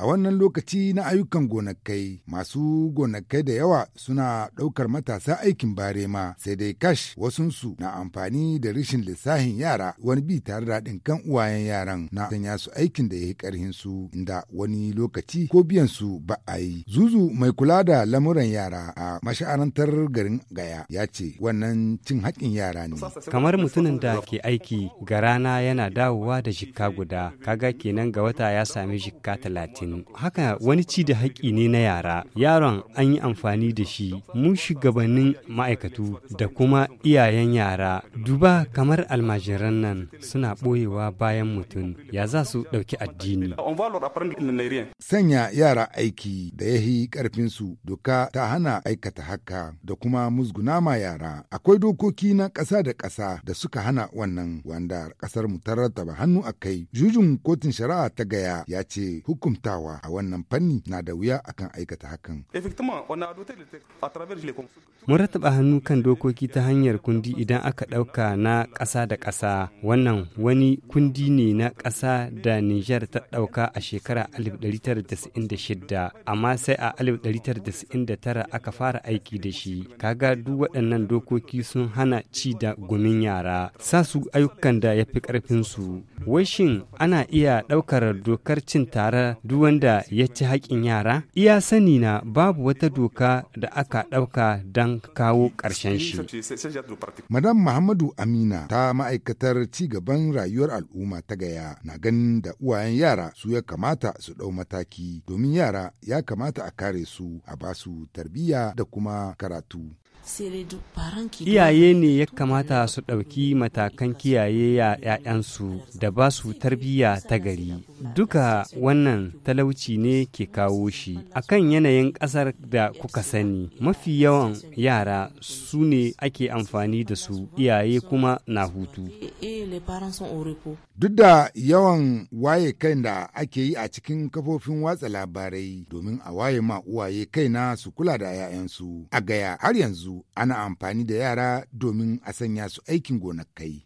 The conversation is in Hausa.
A wannan lokaci na ayyukan gonakai, masu gonakai da yawa suna ɗaukar matasa aikin barema, sai dai kash wasunsu na amfani da rashin lissahin yara wani bi tare da haɗin kan uwayen yaran na sanya su aikin da ya yi ƙarhin su inda wani lokaci ko biyan su ba a yi. Zuzu mai kula da lamuran yara a masha'arantar garin Gaya ya ce wannan cin haƙin yara ne. Kamar mutumin da ke aiki ga rana yana dawowa da jikka guda, kaga kenan ga wata ya sami jikka talatin. kunu haka wani ci da haƙƙi ne na yara yaron an yi amfani da shi mu shugabannin ma'aikatu da kuma iyayen yara duba kamar almajiran nan suna ɓoyewa bayan mutum ya za su ɗauki addini sanya yara aiki da ya yi ƙarfinsu doka ta hana aikata haka da kuma musguna ma yara akwai dokoki na ƙasa da ƙasa da suka hana wannan wanda ƙasar mu ta rattaba hannu a kai jujin kotun shari'a ta gaya ya ce hukumta taimakawa a wannan fanni na da wuya akan aikata hakan. Mun hannu kan dokoki ta hanyar kundi idan aka ɗauka na ƙasa da ƙasa wannan wani kundi ne na ƙasa da Nijar ta ɗauka a shekara 1996 amma sai a 1999 aka fara aiki da shi kaga duk waɗannan dokoki sun hana ci da gumin yara sa su ayyukan da ya fi ƙarfinsu. Wai shin ana iya ɗaukar dokar cin tara. duk duk wanda ya ci haƙƙin yara iya sani na babu wata doka da aka ɗauka don kawo ƙarshen shi madam muhammadu amina ta ma'aikatar ci gaban rayuwar al'umma ta gaya na ganin da uwayen yara su ya kamata su ɗau mataki domin yara ya kamata a kare su a basu tarbiyya da kuma karatu Iyaye ne ya kamata su ɗauki matakan kiyaye ya ‘ya'yansu da ba su tarbiyya ta gari. Duka wannan talauci ne ke kawo shi. A kan yanayin ƙasar da kuka sani, mafi yawan yara su ne ake amfani da su iyaye kuma na hutu. Eh, eh, duk da yawan waye kai da ake yi a cikin kafofin watsa labarai domin a waye ma uwaye kaina su kula da ‘ya'yansu. A gaya har yanzu yanzu ana amfani da yara domin a sanya su aikin gonakai.